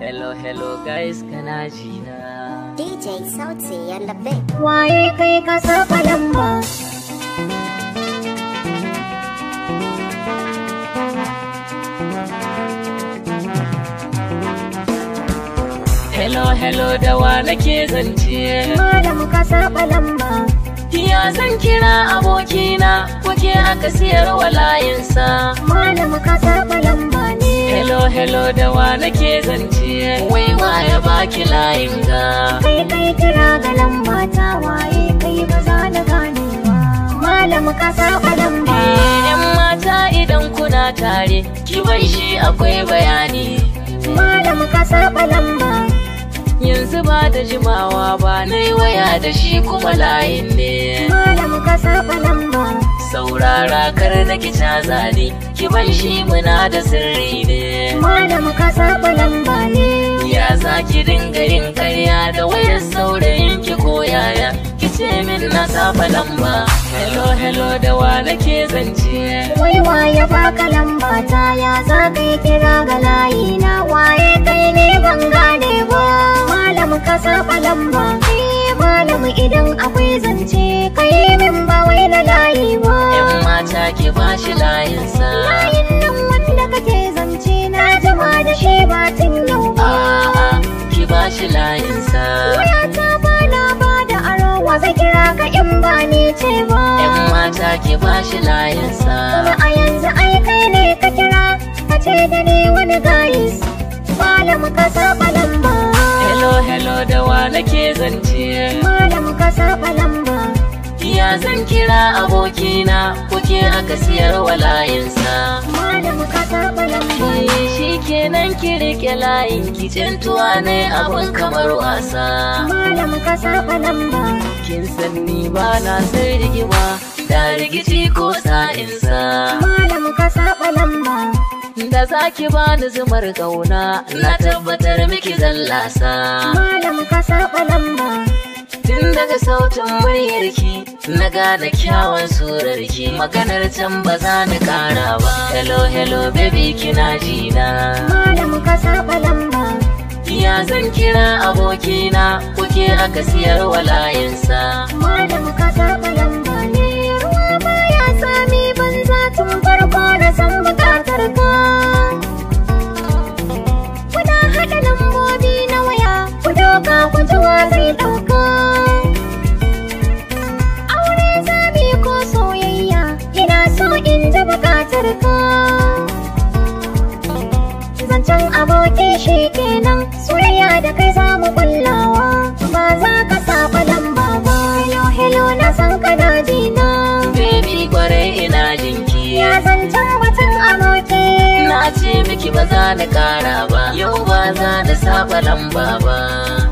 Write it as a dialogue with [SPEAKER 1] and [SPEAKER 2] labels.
[SPEAKER 1] hello hello guys kana jina DJ Sauti Yalabe waye kai ka saba lamba Hello hello da wa nake zance Malam ka saba lamba Ya zan kira abokina kuke aka siyar wa layinsa Malam ka saba lamba hello hello da wa nake zance wai ma ya baki layin ga kai kai kira ga lamba ta waye kai ba za na gane ba malam ka saba ba idan mata idan kuna tare ki bai shi akwai bayani malam ka saba ba yanzu ba da jimawa ba na waya da shi kuma layin ne malam ka sa gyara kar na ki caza ki ban shi muna da sirri ne malam ka saba lamba ne ya za ki dinga yin karya da wayar saurayin ki ko yaya ki ce min na saba lamba hello hello da wa nake zance wai wa ya baka lamba ta ya za ka yi kira ga layi na waye kai ne ban gane ba malam ka saba lamba eh, malam idan akwai ki bashi layinsa layin nan wanda kake zance na jima da shi ba tun yau ba ki shi layinsa waya ta ba na ba da aro wa zai kira ka in ba ni ce ba yan mata ki bashi layinsa kuma a yanzu ai kai ne ka kira ka ce da ni wani gayis malam ka saba lamba hello hello da wa nake zance malam ka saba lamba kira zan kira abokina kuke aka siyar wa layinsa. ka saba eh, Shi kenan ki rike layin kicin tuwa ne abun kamar wasa. Malam ka saba Kin san ni ba na sai rigima da rigici ko sa'insa. Malam ka saba Da za ki bani zumar gauna na tabbatar miki zan lasa. ka saba lamba. tun daga sautin muryarki na gane kyawun surarki maganar can ba za ni kara ba hello hello baby kina ji na malam ka saba lamba ya zan kira abokina kuke aka siyar wa layinsa malam ka shi kenan soyayya da kai za mu kullawa ba za ka saba dan ba ba hello hello na san ka na baby kwarai ina jinki ya zancen batun aboki na ce miki ba za na kara ba yau ba za na saba lamba ba